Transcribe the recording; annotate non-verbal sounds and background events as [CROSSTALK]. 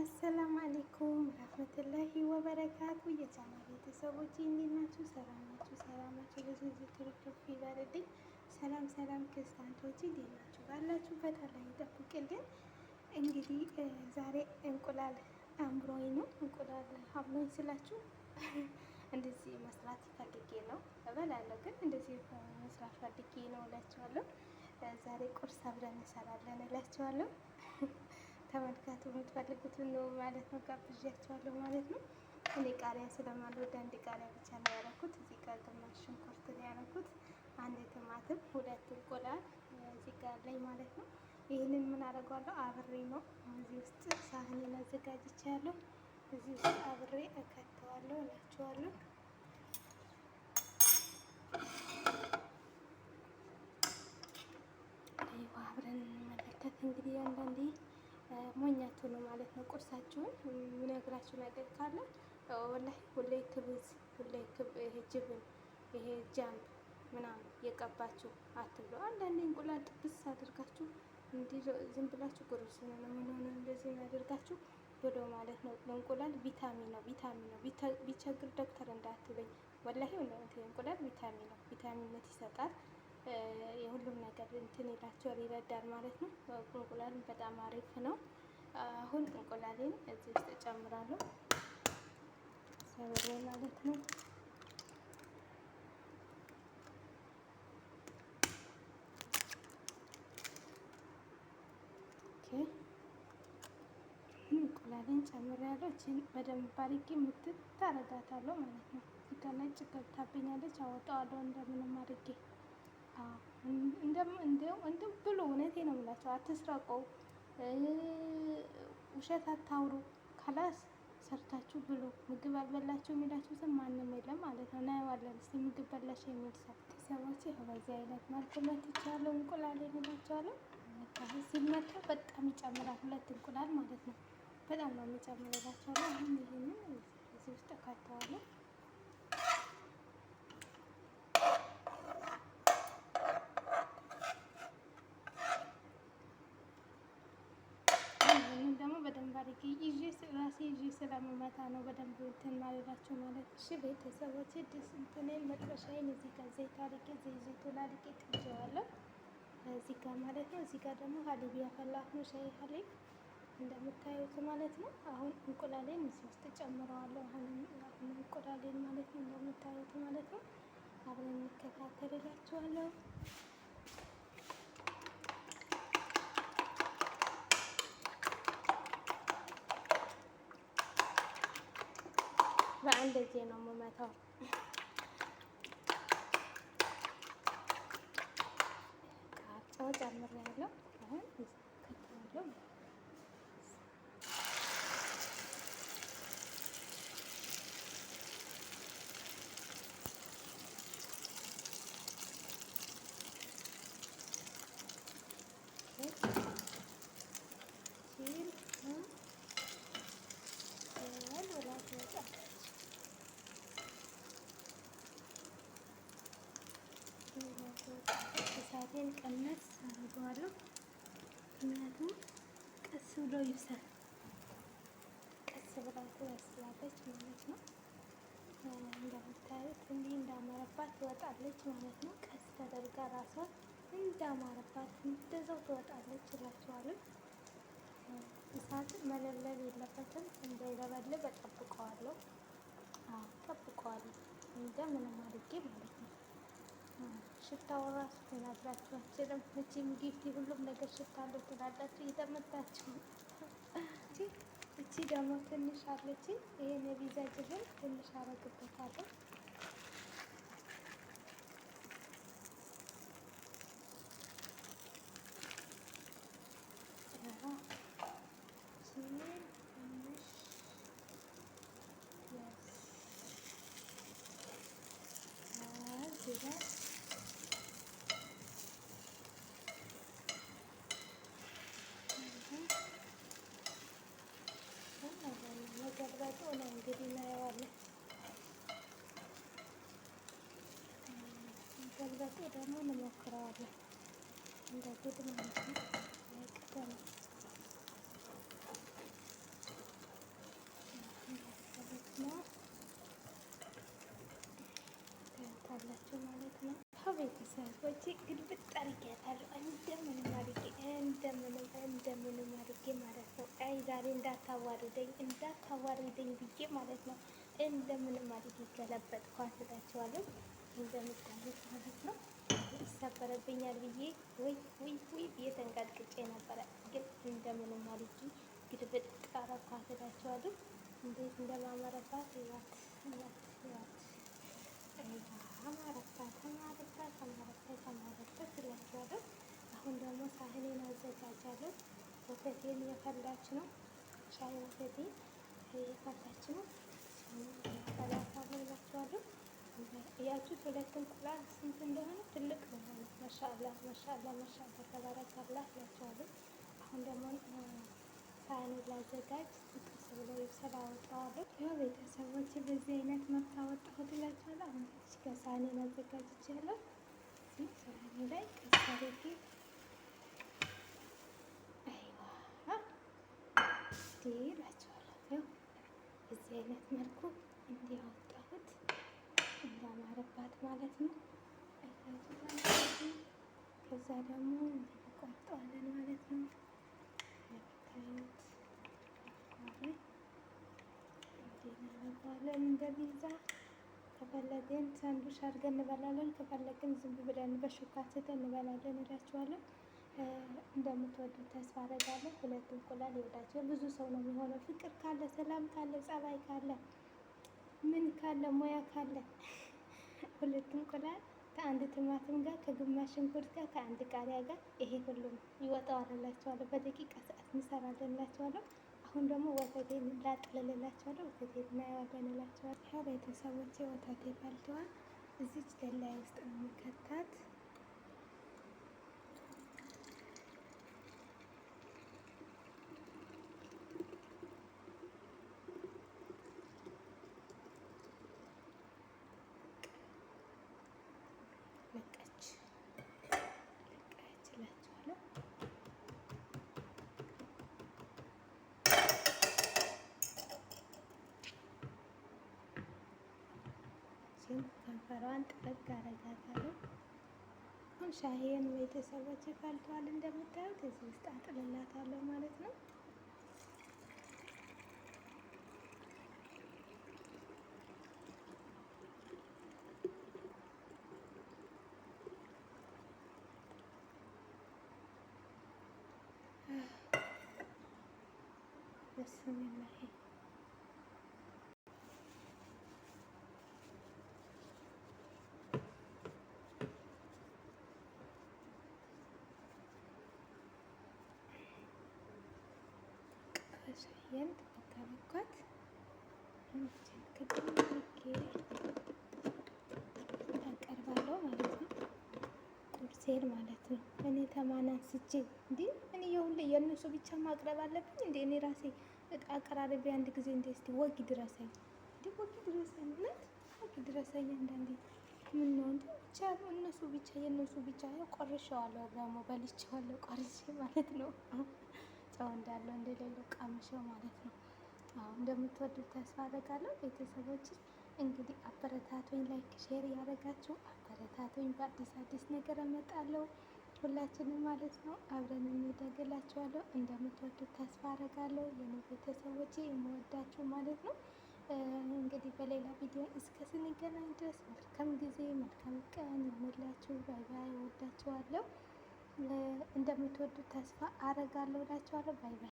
አሰላም አሌይኩም ረህመቱላሂ ወበረካቱ። የቻና ቤተሰቦች እንዴት ናችሁ? ሰላም ናችሁ? ሰላም ናችሁ? ብዙ ዝክሮች ይበርልኝ። ሰላም ሰላም፣ ክርስቲያኖች እንዴት ናችሁ? ባላችሁበት አላህ ይጠብቅልን። እንግዲህ ዛሬ እንቁላል አምሮኝ ነው። እንቁላል አምሮኝ ስላችሁ [LAUGHS] እንደዚህ መስራት ፈልጌ ነው። እበላለሁ፣ ግን እንደዚህ መስራት ፈልጌ ነው እላችኋለሁ። ዛሬ ቁርስ አብረን እንሰራለን እላችኋለሁ። ተመልከቱ። የምትፈልጉትን ነው ማለት ነው። ጋብዣቸዋለሁ ማለት ነው። እኔ ቃሪያ ስለማልወድ አንድ ቃሪያ ብቻ ነው ያረኩት። እዚህ ጋር ግማሽ ሽንኩርት ነው ያረኩት። አንድ ቲማቲም፣ ሁለት እንቁላል እዚህ ጋር ላይ ማለት ነው። ይህንን ምን አደርገዋለሁ? አብሬ ነው እዚህ ውስጥ ሳህኔን አዘጋጅቻለሁ። እዚህ ውስጥ አብሬ እከተዋለሁ እላችኋለሁ። አብረን እንመለከት እንግዲህ አንዳንዴ ሞኛቱ ነው ማለት ነው። ቁርሳችሁን የሚነግራችሁ ነገር ካለ ወላሂ ሁሌ ክብዝ ሁሌ ይሄ ጅብን ይሄ ጃምብ ምናምን የቀባችሁ አትብሉ። አንዳንዴ እንቁላል ጥብስ አድርጋችሁ እንዲህ ዝም ብላችሁ ጉርስ ነው የምንሆነው እንደዚህ አድርጋችሁ ብሎ ማለት ነው። እንቁላል ቪታሚን ነው ቪታሚን ነው ቢቸግር ዶክተር እንዳትለኝ ወላሂ እንቁላል ቪታሚን ነው ቪታሚንነት ይሰጣል። የሁሉም ነገር እንትን ይላቸዋል ይረዳል ማለት ነው። እንቁላል በጣም አሪፍ ነው። አሁን እንቁላሌን እዚህ ውስጥ እጨምራለሁ ሰብሬ ማለት ነው። እንቁላሌን ጨምሬያለሁ። ይህችን በደንብ አድርጌ ምትት አደርጋታለሁ ማለት ነው። እዚህ ጋር ነጭ ገብታብኛለች፣ አወጣዋለሁ እንደምንም አድርጌ እንደው ብሎ እውነቴ ነው የምላቸው አትስረቀው ውሸት አታውሩ፣ ከላስ ሰርታችሁ ብሎ ምግብ አልበላችሁ የሚላችሁ ስም ማንም የለም ማለት ነው። እናየዋለን እስኪ ምግብ በላሽ የሚል ሰው ሰዎች በዚህ አይነት መልኩ መትቻለሁ። እንቁላል የሚላቸዋለሁ ሲመታ በጣም ይጨምራል። ሁለት እንቁላል ማለት ነው። በጣም ነው የሚጨምርላቸዋለሁ። አሁን ይህንን እዚህ ውስጥ እከተዋለሁ። ከምመታ ነው በደንብ እንትን ማለላችሁ ማለት እሺ። ቤተሰቦች ድስ እንትኔን መጥበሻዬን እዚህ ጋር ዘይት አድርጌ ዘይቱን አድርጌ ጥጄዋለሁ እዚህ ጋር ማለት ነው። እዚህ ጋር ደግሞ ሀሊብ ያፈላሁት ነው ሻይ ሀሊብ እንደምታዩት ማለት ነው። አሁን እንቁላሌን እዚህ ውስጥ ጨምረዋለሁ። አሁን እንቁላሌን ማለት ነው እንደምታዩት ማለት ነው። አብረን እንከታተልላችኋለሁ። በአንድ እጄ ነው የምመታው። ጨው ጨምሬያለሁ። አሁን ይብሳል። ቀስ ብላት ያስላለች ማለት ነው። እንደምታዩት እንዲህ እንዳማረባት ትወጣለች ማለት ነው። ቀስ ተደርጋ ራሷ እንዳማረባት እንደዛው ትወጣለች እላችኋለሁ። እሳት መለብለብ የለበትም። እንዳይለበልብ እጠብቀዋለሁ። አዎ እጠብቀዋለሁ እንደምንም አድርጌ ማለት ነው። ሽታው ራሱ ልነግራችሁ አልችልም። መቼም ጊፍቲ ሁሉም ነገር ሽታ አለው ትላላችሁ እየተመታችሁ አድርጌ እቺ ደግሞ ትንሽ አለች። ይሄን የቢዛጅልን ትንሽ አረግበታለሁ። Yeah. ህዝቦቼ ግልብጥ አድርጌያታለሁ። እንደምንም አድርጌ እንደምንም እንደምንም አድርጌ ማለት ነው። አይ ዛሬ እንዳታዋርደኝ እንዳታዋርደኝ ብዬ ማለት ነው። እንደምንም አድርጌ ገለበጥኳት እላቸዋለሁ። እንደምታዩት ማለት ነው። ይሰበረብኛል ብዬ ወይ ወይ ወይ ብዬ ተንቀጥቅጬ ነበረ፣ ግን እንደምንም አድርጌ ግልብጥ አረኳት እላቸዋለሁ። እንዴት እንደማመረባት ያት ያት ያት ተማረቻ ተማረቻ ተማረቻ ተማረቻ ትላቸዋለሁ። አሁን ደግሞ ሳህኔን አዘጋጃለሁ። ወተቴን እየፈላች ነው። ሻይ ወተቴ እየፈላች ነው። ሰላሳ እላቸዋለሁ። እያችሁት ሁለት እንቁላል ስንት እንደሆነ ትልቅ ነው ማለት መሻላ መሻላ መሻላ ተባረካላ እላቸዋለሁ። አሁን ደግሞ ሳህኔን ላዘጋጅ ብሎ ይብሰል አወጣዋለሁ። ያው ቤተሰቦች በዚህ አይነት መብት አወጣሁት እላቸዋለሁ። አሁን እዚህ ጋር ሳህኔን አዘጋጅቻለሁ። እዚህ ሳህኔ ላይ ከሳቤቴ እላቸዋለሁ። በዚህ አይነት መልኩ እንዲያወጣሁት እንዳማረባት ማለት ነው። ከዛ ደግሞ እንዲቆርጠዋለን ማለት ነው። እንበላለን። እንደ ፒዛ ከፈለግን ሳንዱሽ አድርገን እንበላለን፣ ከፈለግን ዝም ብለን በሹካ አድርገን እንበላለን። እላችኋለሁ እንደምትወዱት ተስፋ አደርጋለሁ። ሁለት እንቁላል ይወዳቸው ብዙ ሰው ነው የሚሆነው። ፍቅር ካለ፣ ሰላም ካለ፣ ጸባይ ካለ፣ ምን ካለ፣ ሙያ ካለ [LAUGHS] ሁለት እንቁላል ከአንድ ቲማቲም ጋር ከግማሽ ሽንኩርት ጋር ከአንድ ቃሪያ ጋር ይሄ ሁሉም ይወጣዋል እላችኋለሁ። በደቂቃ ሰዓት እንሰራለን እላችኋለሁ። አሁን ደግሞ ወተቴን ላጥልልላቸዋለሁ። ወተቴን እናየዋለን እላቸዋለሁ። ቤተሰቦቼ ወተቴ ፈልተዋል። እዚች ደላይ ውስጥ ነው የሚከታት እችን ከንፈሯን ጥበቅ አረጋታለሁ። አሁን ሻሄን ቤተሰቦች ፈልተዋል እንደምታዩት እዚህ ውስጥ አጥልላታለሁ ማለት ነው። በስሚላሂ በደንብ ብታረኳት አቀርባለሁ ማለት ነው። ቁርሴን ማለት ነው። እኔ ተማን አንስቼ እንዴ እኔ የሁሌ የእነሱ ብቻ ማቅረብ አለብኝ እንዴ? እኔ ራሴ አቀራረቤ አንድ ጊዜ እንደ እስኪ ወግ ድረሰኝ እንዴ ወግ ድረሰኝ ነት ወግ ድረሰኝ አንዳንዴ ምን ነው እንዴ ብቻ እነሱ ብቻ የእነሱ ብቻ ያው ቆርሼዋለሁ ደግሞ በልቼዋለሁ ቆርሼ ማለት ነው። ጨው እንዳለው እንደሌለው ቀምሼው ማለት ነው። አሁን እንደምትወዱት ተስፋ አደርጋለሁ። ቤተሰቦች እንግዲህ አበረታቶኝ ላይክ፣ ሼር ያደረጋችሁ አበረታቶኝ በአዲስ አዲስ ነገር እመጣለሁ ሁላችንም ማለት ነው። አብረን እንደግላችኋለሁ። እንደምትወዱት ተስፋ አደርጋለሁ። የኔ ቤተሰቦች የምወዳችሁ ማለት ነው። እንግዲህ በሌላ ቪዲዮ እስከ ስንገናኝ ድረስ መልካም ጊዜ፣ መልካም ቀን ይሁንላችሁ። ባይ ባይ። እወዳችኋለሁ። እንደምትወዱት ተስፋ አረጋለሁ እላችኋለሁ። ባይ ባይ።